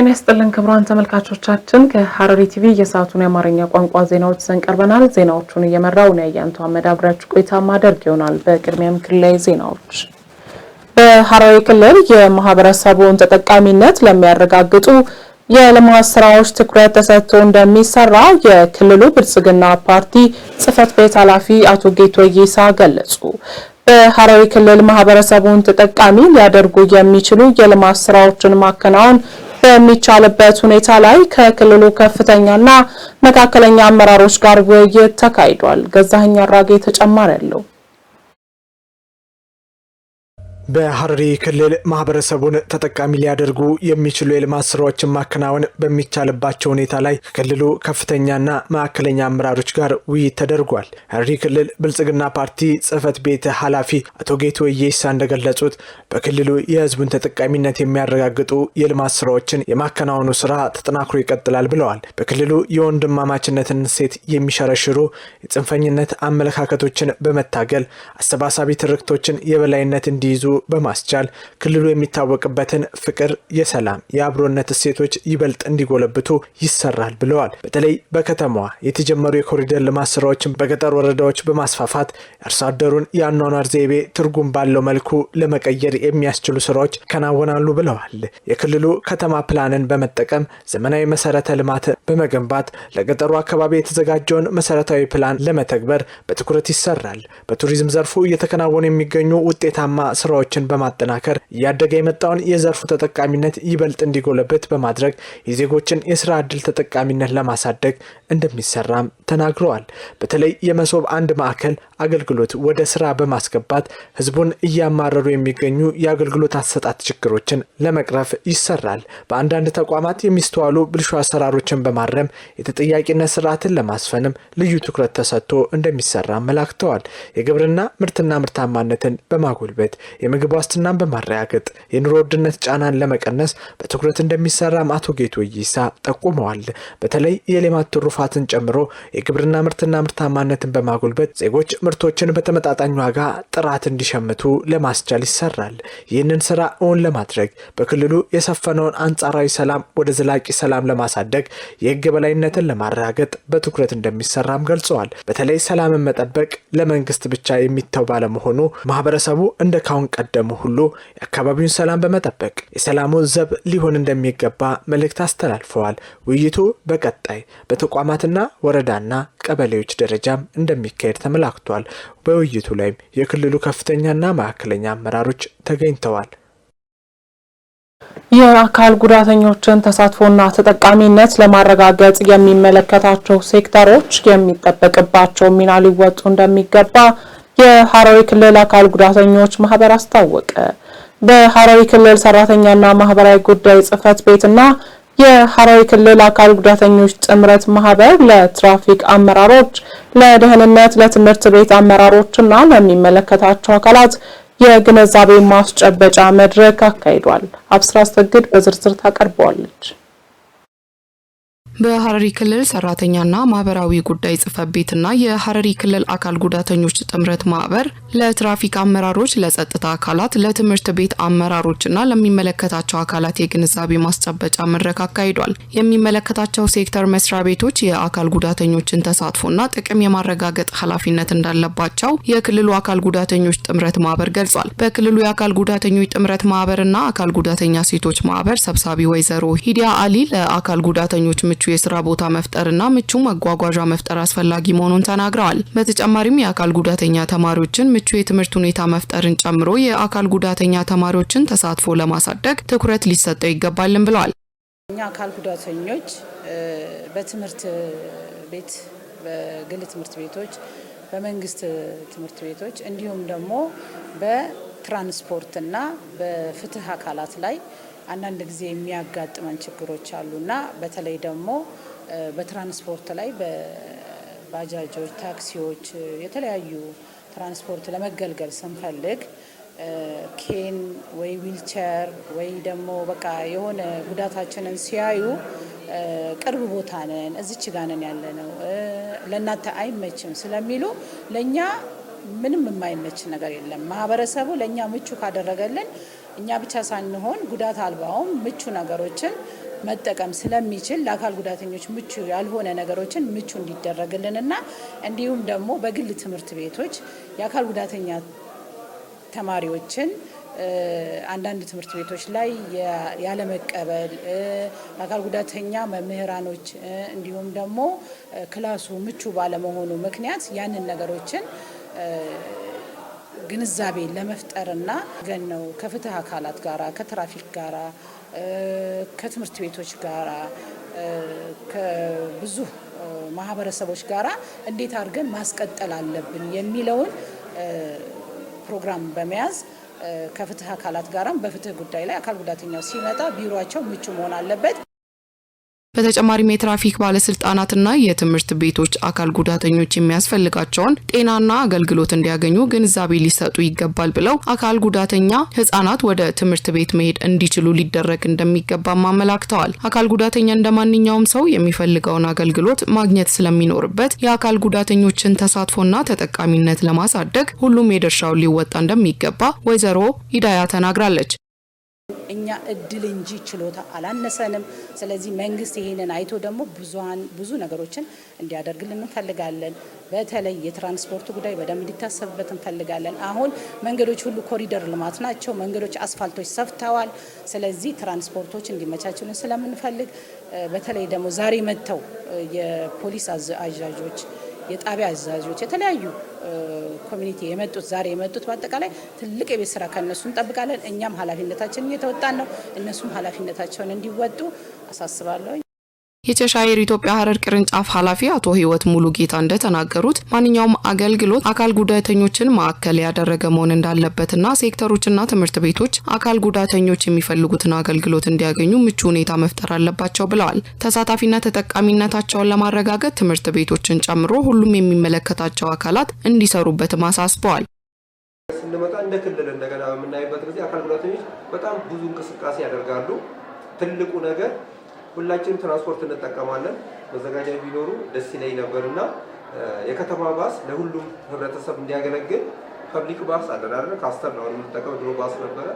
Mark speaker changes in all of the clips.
Speaker 1: ጤና ይስጥልን ክቡራን ተመልካቾቻችን፣ ከሐረሪ ቲቪ የሰዓቱን የአማርኛ ቋንቋ ዜናዎች ይዘን ቀርበናል። ዜናዎቹን እየመራው ነው ያንቱ አመዳብሪያችሁ ቆይታ ማደርግ ይሆናል። በቅድሚያም ክልላዊ ዜናዎች። በሐረሪ ክልል የማህበረሰቡን ተጠቃሚነት ለሚያረጋግጡ የልማት ስራዎች ትኩረት ተሰጥቶ እንደሚሰራ የክልሉ ብልጽግና ፓርቲ ጽህፈት ቤት ኃላፊ አቶ ጌቶ ይሳ ገለጹ። በሐረሪ ክልል ማህበረሰቡን ተጠቃሚ ሊያደርጉ የሚችሉ የልማት ስራዎችን ማከናወን በሚቻልበት ሁኔታ ላይ ከክልሉ ከፍተኛና መካከለኛ አመራሮች ጋር ውይይት ተካሂዷል። ገዛኸኝ አራጌ ተጨማሪ አለው።
Speaker 2: በሐረሪ ክልል ማህበረሰቡን ተጠቃሚ ሊያደርጉ የሚችሉ የልማት ስራዎችን ማከናወን በሚቻልባቸው ሁኔታ ላይ ከክልሉ ከፍተኛና ማዕከለኛ አመራሮች ጋር ውይይት ተደርጓል። ሐረሪ ክልል ብልጽግና ፓርቲ ጽህፈት ቤት ኃላፊ አቶ ጌቱ ወየሳ እንደገለጹት በክልሉ የህዝቡን ተጠቃሚነት የሚያረጋግጡ የልማት ስራዎችን የማከናወኑ ስራ ተጠናክሮ ይቀጥላል ብለዋል። በክልሉ የወንድማማችነትን ሴት የሚሸረሽሩ የጽንፈኝነት አመለካከቶችን በመታገል አሰባሳቢ ትርክቶችን የበላይነት እንዲይዙ በማስቻል ክልሉ የሚታወቅበትን ፍቅር፣ የሰላም፣ የአብሮነት እሴቶች ይበልጥ እንዲጎለብቱ ይሰራል ብለዋል። በተለይ በከተማዋ የተጀመሩ የኮሪደር ልማት ስራዎችን በገጠር ወረዳዎች በማስፋፋት የአርሶ አደሩን የአኗኗር ዘይቤ ትርጉም ባለው መልኩ ለመቀየር የሚያስችሉ ስራዎች ይከናወናሉ ብለዋል። የክልሉ ከተማ ፕላንን በመጠቀም ዘመናዊ መሰረተ ልማት በመገንባት ለገጠሩ አካባቢ የተዘጋጀውን መሰረታዊ ፕላን ለመተግበር በትኩረት ይሰራል። በቱሪዝም ዘርፉ እየተከናወኑ የሚገኙ ውጤታማ ስራዎች ስራዎችን በማጠናከር እያደገ የመጣውን የዘርፉ ተጠቃሚነት ይበልጥ እንዲጎለበት በማድረግ የዜጎችን የስራ ዕድል ተጠቃሚነት ለማሳደግ እንደሚሰራም ተናግረዋል። በተለይ የመሶብ አንድ ማዕከል አገልግሎት ወደ ስራ በማስገባት ህዝቡን እያማረሩ የሚገኙ የአገልግሎት አሰጣት ችግሮችን ለመቅረፍ ይሰራል። በአንዳንድ ተቋማት የሚስተዋሉ ብልሹ አሰራሮችን በማረም የተጠያቂነት ስርዓትን ለማስፈንም ልዩ ትኩረት ተሰጥቶ እንደሚሰራ አመላክተዋል። የግብርና ምርትና ምርታማነትን በማጎልበት የምግብ ዋስትናን በማረጋገጥ የኑሮ ውድነት ጫናን ለመቀነስ በትኩረት እንደሚሰራም አቶ ጌቱ ይሳ ጠቁመዋል። በተለይ የሌማት ትሩፋትን ጨምሮ የግብርና ምርትና ምርታማነትን በማጎልበት ዜጎች ምርቶችን በተመጣጣኝ ዋጋ ጥራት እንዲሸምቱ ለማስቻል ይሰራል። ይህንን ስራ እውን ለማድረግ በክልሉ የሰፈነውን አንጻራዊ ሰላም ወደ ዘላቂ ሰላም ለማሳደግ የህግ በላይነትን ለማረጋገጥ በትኩረት እንደሚሰራም ገልጸዋል። በተለይ ሰላምን መጠበቅ ለመንግስት ብቻ የሚተው ባለመሆኑ ማህበረሰቡ እንደ ካሁን ቀደሙ ሁሉ የአካባቢውን ሰላም በመጠበቅ የሰላሙ ዘብ ሊሆን እንደሚገባ መልእክት አስተላልፈዋል። ውይይቱ በቀጣይ በተቋማትና ወረዳና ቀበሌዎች ደረጃም እንደሚካሄድ ተመላክቷል። ተካሂዷል። በውይይቱ ላይም የክልሉ ከፍተኛና ማዕከለኛ አመራሮች ተገኝተዋል።
Speaker 1: የአካል ጉዳተኞችን ተሳትፎና ተጠቃሚነት ለማረጋገጥ የሚመለከታቸው ሴክተሮች የሚጠበቅባቸው ሚና ሊወጡ እንደሚገባ የሐረሪ ክልል አካል ጉዳተኞች ማህበር አስታወቀ። በሐረሪ ክልል ሰራተኛና ማህበራዊ ጉዳይ ጽህፈት ቤትና የሐረሪ ክልል አካል ጉዳተኞች ጥምረት ማህበር ለትራፊክ አመራሮች፣ ለደህንነት፣ ለትምህርት ቤት አመራሮችና ለሚመለከታቸው አካላት የግንዛቤ ማስጨበጫ መድረክ አካሂዷል። አብስራ በዝርዝር ታቀርበዋለች። በሐረሪ ክልል ሰራተኛና ማህበራዊ ጉዳይ ጽህፈት ቤትና የሐረሪ ክልል አካል ጉዳተኞች ጥምረት ማህበር ለትራፊክ አመራሮች፣ ለጸጥታ አካላት፣ ለትምህርት ቤት አመራሮችና ለሚመለከታቸው አካላት የግንዛቤ ማስጨበጫ መድረክ አካሂዷል። የሚመለከታቸው ሴክተር መስሪያ ቤቶች የአካል ጉዳተኞችን ተሳትፎና ጥቅም የማረጋገጥ ኃላፊነት እንዳለባቸው የክልሉ አካል ጉዳተኞች ጥምረት ማህበር ገልጿል። በክልሉ የአካል ጉዳተኞች ጥምረት ማህበርና አካል ጉዳተኛ ሴቶች ማህበር ሰብሳቢ ወይዘሮ ሂዲያ አሊ ለአካል ጉዳተኞች ምቹ የስራ ቦታ መፍጠርና ምቹ መጓጓዣ መፍጠር አስፈላጊ መሆኑን ተናግረዋል። በተጨማሪም የአካል ጉዳተኛ ተማሪዎችን ምቹ የትምህርት ሁኔታ መፍጠርን ጨምሮ የአካል ጉዳተኛ ተማሪዎችን ተሳትፎ ለማሳደግ ትኩረት ሊሰጠው ይገባልን
Speaker 3: ብለዋል። እኛ አካል ጉዳተኞች በትምህርት ቤት በግል ትምህርት ቤቶች፣ በመንግስት ትምህርት ቤቶች እንዲሁም ደግሞ በትራንስፖርትና በፍትህ አካላት ላይ አንዳንድ ጊዜ የሚያጋጥመን ችግሮች አሉና በተለይ ደግሞ በትራንስፖርት ላይ በባጃጆች፣ ታክሲዎች የተለያዩ ትራንስፖርት ለመገልገል ስንፈልግ ኬን ወይ ዊልቸር ወይ ደግሞ በቃ የሆነ ጉዳታችንን ሲያዩ ቅርብ ቦታ ነን፣ እዚች ጋ ነን ያለ ነው፣ ለእናንተ አይመችም ስለሚሉ ለእኛ ምንም የማይመች ነገር የለም። ማህበረሰቡ ለእኛ ምቹ ካደረገልን እኛ ብቻ ሳንሆን ጉዳት አልባውም ምቹ ነገሮችን መጠቀም ስለሚችል ለአካል ጉዳተኞች ምቹ ያልሆነ ነገሮችን ምቹ እንዲደረግልን እና እንዲሁም ደግሞ በግል ትምህርት ቤቶች የአካል ጉዳተኛ ተማሪዎችን አንዳንድ ትምህርት ቤቶች ላይ ያለመቀበል አካል ጉዳተኛ መምህራኖች እንዲሁም ደግሞ ክላሱ ምቹ ባለመሆኑ ምክንያት ያንን ነገሮችን ግንዛቤ ለመፍጠርና ገን ነው ከፍትህ አካላት ጋራ ከትራፊክ ጋራ ከትምህርት ቤቶች ጋራ ከብዙ ማህበረሰቦች ጋራ እንዴት አድርገን ማስቀጠል አለብን የሚለውን ፕሮግራም በመያዝ ከፍትህ አካላት ጋራም በፍትህ ጉዳይ ላይ አካል ጉዳተኛው ሲመጣ ቢሮቸው ምቹ መሆን አለበት።
Speaker 1: በተጨማሪም የትራፊክ ባለስልጣናትና የትምህርት ቤቶች አካል ጉዳተኞች የሚያስፈልጋቸውን ጤናና አገልግሎት እንዲያገኙ ግንዛቤ ሊሰጡ ይገባል ብለው አካል ጉዳተኛ ህጻናት ወደ ትምህርት ቤት መሄድ እንዲችሉ ሊደረግ እንደሚገባም አመላክተዋል። አካል ጉዳተኛ እንደ ማንኛውም ሰው የሚፈልገውን አገልግሎት ማግኘት ስለሚኖርበት የአካል ጉዳተኞችን ተሳትፎና ተጠቃሚነት ለማሳደግ ሁሉም የድርሻውን ሊወጣ እንደሚገባ ወይዘሮ ሂዳያ ተናግራለች።
Speaker 3: እኛ እድል እንጂ ችሎታ አላነሰንም። ስለዚህ መንግስት ይሄንን አይቶ ደግሞ ብዙን ብዙ ነገሮችን እንዲያደርግልን እንፈልጋለን። በተለይ የትራንስፖርት ጉዳይ በደንብ እንዲታሰብበት እንፈልጋለን። አሁን መንገዶች ሁሉ ኮሪደር ልማት ናቸው። መንገዶች፣ አስፋልቶች ሰፍተዋል። ስለዚህ ትራንስፖርቶች እንዲመቻችልን ስለምንፈልግ በተለይ ደግሞ ዛሬ መጥተው የፖሊስ አዛዦች የጣቢያ አዛዦች፣ የተለያዩ ኮሚኒቲ የመጡት ዛሬ የመጡት በአጠቃላይ ትልቅ የቤት ስራ ከእነሱ እንጠብቃለን። እኛም ኃላፊነታችንን እየተወጣን ነው፣ እነሱም ኃላፊነታቸውን እንዲወጡ አሳስባለሁ።
Speaker 1: የቸሻየር ኢትዮጵያ ሀረር ቅርንጫፍ ኃላፊ አቶ ህይወት ሙሉ ጌታ እንደተናገሩት ማንኛውም አገልግሎት አካል ጉዳተኞችን ማዕከል ያደረገ መሆን እንዳለበትና ሴክተሮችና ትምህርት ቤቶች አካል ጉዳተኞች የሚፈልጉትን አገልግሎት እንዲያገኙ ምቹ ሁኔታ መፍጠር አለባቸው ብለዋል። ተሳታፊና ተጠቃሚነታቸውን ለማረጋገጥ ትምህርት ቤቶችን ጨምሮ ሁሉም የሚመለከታቸው አካላት እንዲሰሩበትም አሳስበዋል።
Speaker 4: ስንመጣ እንደ ክልል እንደገና በምናይበት ጊዜ አካል ጉዳተኞች በጣም ብዙ እንቅስቃሴ ያደርጋሉ። ትልቁ ነገር ሁላችንም ትራንስፖርት እንጠቀማለን። መዘጋጃ ቢኖሩ ደስ ይለኝ ነበር እና የከተማ ባስ ለሁሉም ህብረተሰብ እንዲያገለግል ፐብሊክ ባስ አለን ካስተር ነው የምንጠቀም ድሮ ባስ ነበረ።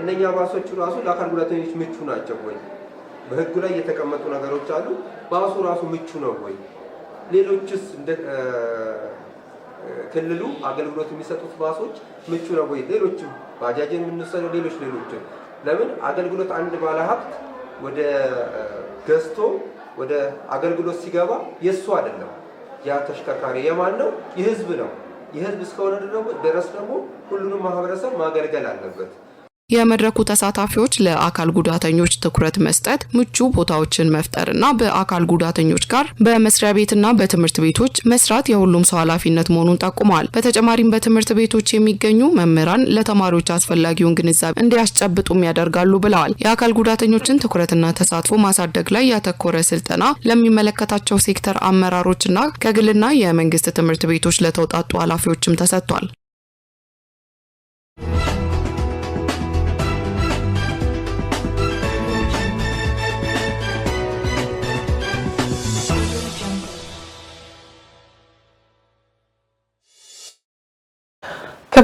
Speaker 4: እነኛ ባሶቹ ራሱ ለአካል ጉዳተኞች ምቹ ናቸው ወይ? በህጉ ላይ የተቀመጡ ነገሮች አሉ። ባሱ ራሱ ምቹ ነው ወይ? ሌሎችስ እንደ ክልሉ አገልግሎት የሚሰጡት ባሶች ምቹ ነው ወይ? ሌሎችም ባጃጅን የምንወሰደው ሌሎች ሌሎችም ለምን አገልግሎት አንድ ባለሀብት ወደ ገዝቶ ወደ አገልግሎት ሲገባ የእሱ አይደለም። ያ ተሽከርካሪ የማን ነው? የህዝብ ነው። የህዝብ እስከሆነ ድረስ ደግሞ ሁሉንም ማህበረሰብ ማገልገል
Speaker 1: አለበት። የመድረኩ ተሳታፊዎች ለአካል ጉዳተኞች ትኩረት መስጠት፣ ምቹ ቦታዎችን መፍጠርና በአካል ጉዳተኞች ጋር በመስሪያ ቤትና በትምህርት ቤቶች መስራት የሁሉም ሰው ኃላፊነት መሆኑን ጠቁመዋል። በተጨማሪም በትምህርት ቤቶች የሚገኙ መምህራን ለተማሪዎች አስፈላጊውን ግንዛቤ እንዲያስጨብጡም ያደርጋሉ ብለዋል። የአካል ጉዳተኞችን ትኩረትና ተሳትፎ ማሳደግ ላይ ያተኮረ ስልጠና ለሚመለከታቸው ሴክተር አመራሮችና ከግልና የመንግስት ትምህርት ቤቶች ለተውጣጡ ኃላፊዎችም ተሰጥቷል።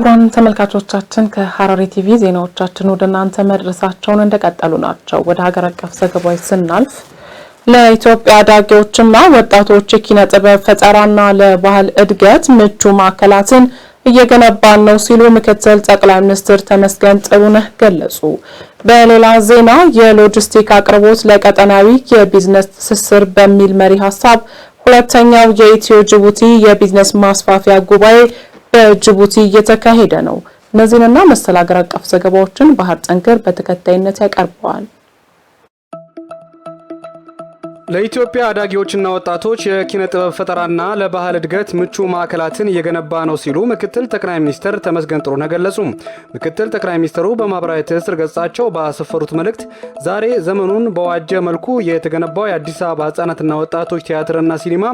Speaker 1: ክቡራን ተመልካቾቻችን ከሐረሪ ቲቪ ዜናዎቻችን ወደ እናንተ መድረሳቸውን እንደቀጠሉ ናቸው። ወደ ሀገር አቀፍ ዘገባዎች ስናልፍ ለኢትዮጵያ አዳጊዎችና ወጣቶች የኪነ ጥበብ ፈጠራና ለባህል እድገት ምቹ ማዕከላትን እየገነባን ነው ሲሉ ምክትል ጠቅላይ ሚኒስትር ተመስገን ጥሩነህ ገለጹ። በሌላ ዜና የሎጂስቲክ አቅርቦት ለቀጠናዊ የቢዝነስ ትስስር በሚል መሪ ሀሳብ ሁለተኛው የኢትዮ ጅቡቲ የቢዝነስ ማስፋፊያ ጉባኤ በጅቡቲ እየተካሄደ ነው። እነዚህንና መሰል አገር አቀፍ ዘገባዎችን ባህር ጠንክር በተከታይነት ያቀርበዋል።
Speaker 5: ለኢትዮጵያ አዳጊዎችና ወጣቶች የኪነ ጥበብ ፈጠራና ለባህል እድገት ምቹ ማዕከላትን እየገነባ ነው ሲሉ ምክትል ጠቅላይ ሚኒስትር ተመስገን ጥሩነህ ገለጹ። ምክትል ጠቅላይ ሚኒስትሩ በማኅበራዊ ትስስር ገጻቸው ባሰፈሩት መልእክት ዛሬ ዘመኑን በዋጀ መልኩ የተገነባው የአዲስ አበባ ህጻናትና ወጣቶች ቲያትርና ሲኒማ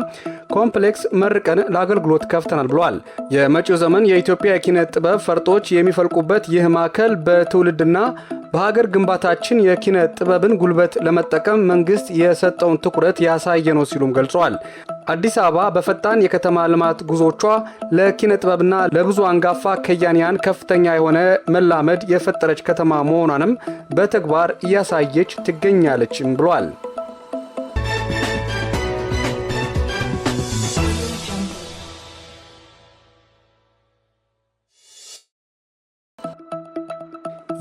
Speaker 5: ኮምፕሌክስ መርቀን ለአገልግሎት ከፍተናል ብለዋል። የመጪው ዘመን የኢትዮጵያ የኪነ ጥበብ ፈርጦች የሚፈልቁበት ይህ ማዕከል በትውልድና በሀገር ግንባታችን የኪነ ጥበብን ጉልበት ለመጠቀም መንግስት የሰጠውን ትኩረት ያሳየ ነው ሲሉም ገልጸዋል። አዲስ አበባ በፈጣን የከተማ ልማት ጉዞቿ ለኪነ ጥበብና ለብዙ አንጋፋ ከያንያን ከፍተኛ የሆነ መላመድ የፈጠረች ከተማ መሆኗንም በተግባር እያሳየች ትገኛለችም ብሏል።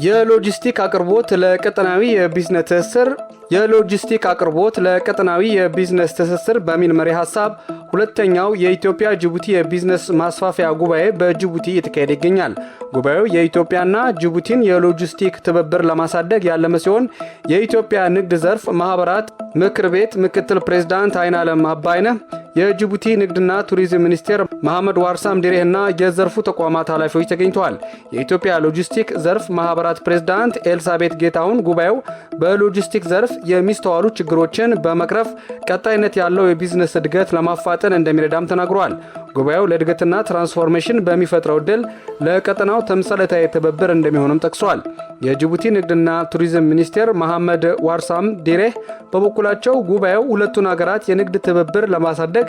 Speaker 5: የሎጂስቲክ አቅርቦት ለቀጠናዊ የቢዝነስ ትስስር የሎጂስቲክ አቅርቦት ለቀጠናዊ የቢዝነስ ትስስር በሚል መሪ ሀሳብ ሁለተኛው የኢትዮጵያ ጅቡቲ የቢዝነስ ማስፋፊያ ጉባኤ በጅቡቲ እየተካሄደ ይገኛል። ጉባኤው የኢትዮጵያና ጅቡቲን የሎጂስቲክ ትብብር ለማሳደግ ያለመ ሲሆን የኢትዮጵያ ንግድ ዘርፍ ማህበራት ምክር ቤት ምክትል ፕሬዝዳንት አይናለም አባይነህ የጅቡቲ ንግድና ቱሪዝም ሚኒስቴር መሐመድ ዋርሳም ዲሬህ እና የዘርፉ ተቋማት ኃላፊዎች ተገኝተዋል። የኢትዮጵያ ሎጂስቲክ ዘርፍ ማህበራት ፕሬዝዳንት ኤልሳቤት ጌታሁን ጉባኤው በሎጂስቲክ ዘርፍ የሚስተዋሉ ችግሮችን በመቅረፍ ቀጣይነት ያለው የቢዝነስ እድገት ለማፋጠን እንደሚረዳም ተናግሯል። ጉባኤው ለእድገትና ትራንስፎርሜሽን በሚፈጥረው ድል ለቀጠናው ተምሳሌታዊ ትብብር እንደሚሆንም ጠቅሷል። የጅቡቲ ንግድና ቱሪዝም ሚኒስቴር መሐመድ ዋርሳም ዲሬህ በበኩላቸው ጉባኤው ሁለቱን አገራት የንግድ ትብብር ለማሳደግ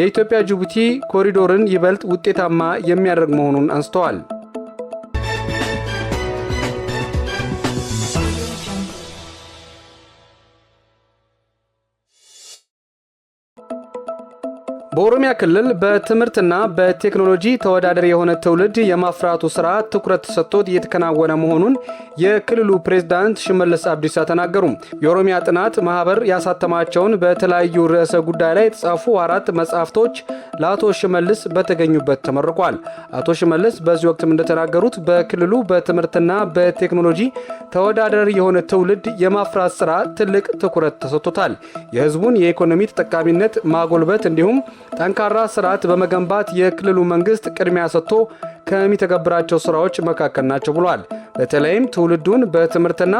Speaker 5: የኢትዮጵያ ጅቡቲ ኮሪዶርን ይበልጥ ውጤታማ የሚያደርግ መሆኑን አንስተዋል። በኦሮሚያ ክልል በትምህርትና በቴክኖሎጂ ተወዳደር የሆነ ትውልድ የማፍራቱ ስራ ትኩረት ሰጥቶት እየተከናወነ መሆኑን የክልሉ ፕሬዝዳንት ሽመለስ አብዲሳ ተናገሩ። የኦሮሚያ ጥናት ማህበር ያሳተማቸውን በተለያዩ ርዕሰ ጉዳይ ላይ የተጻፉ አራት መጽሐፍቶች ለአቶ ሽመልስ በተገኙበት ተመርቋል። አቶ ሽመልስ በዚህ ወቅትም እንደተናገሩት በክልሉ በትምህርትና በቴክኖሎጂ ተወዳደር የሆነ ትውልድ የማፍራት ስራ ትልቅ ትኩረት ተሰጥቶታል። የህዝቡን የኢኮኖሚ ተጠቃሚነት ማጎልበት እንዲሁም ጠንካራ ስርዓት በመገንባት የክልሉ መንግስት ቅድሚያ ሰጥቶ ከሚተገብራቸው ስራዎች መካከል ናቸው ብሏል። በተለይም ትውልዱን በትምህርትና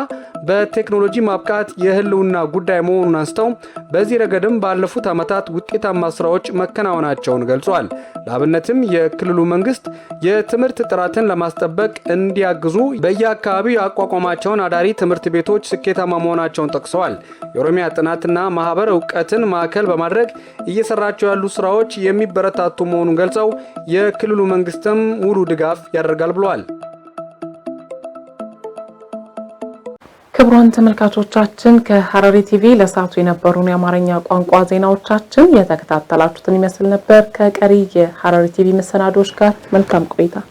Speaker 5: በቴክኖሎጂ ማብቃት የህልውና ጉዳይ መሆኑን አንስተው በዚህ ረገድም ባለፉት ዓመታት ውጤታማ ስራዎች መከናወናቸውን ገልጿል። ለአብነትም የክልሉ መንግስት የትምህርት ጥራትን ለማስጠበቅ እንዲያግዙ በየአካባቢው ያቋቋማቸውን አዳሪ ትምህርት ቤቶች ስኬታማ መሆናቸውን ጠቅሰዋል። የኦሮሚያ ጥናትና ማህበር እውቀትን ማዕከል በማድረግ እየሰራቸው ያሉ ስራዎች የሚበረታቱ መሆኑን ገልጸው የክልሉ መንግስትም ሙሉ ድጋፍ ያደርጋል ብለዋል።
Speaker 1: ክቡራን ተመልካቾቻችን ከሐረሪ ቲቪ ለሰዓቱ የነበሩን የአማርኛ ቋንቋ ዜናዎቻችን የተከታተላችሁትን ይመስል ነበር። ከቀሪ የሐረሪ ቲቪ መሰናዶዎች ጋር መልካም ቆይታ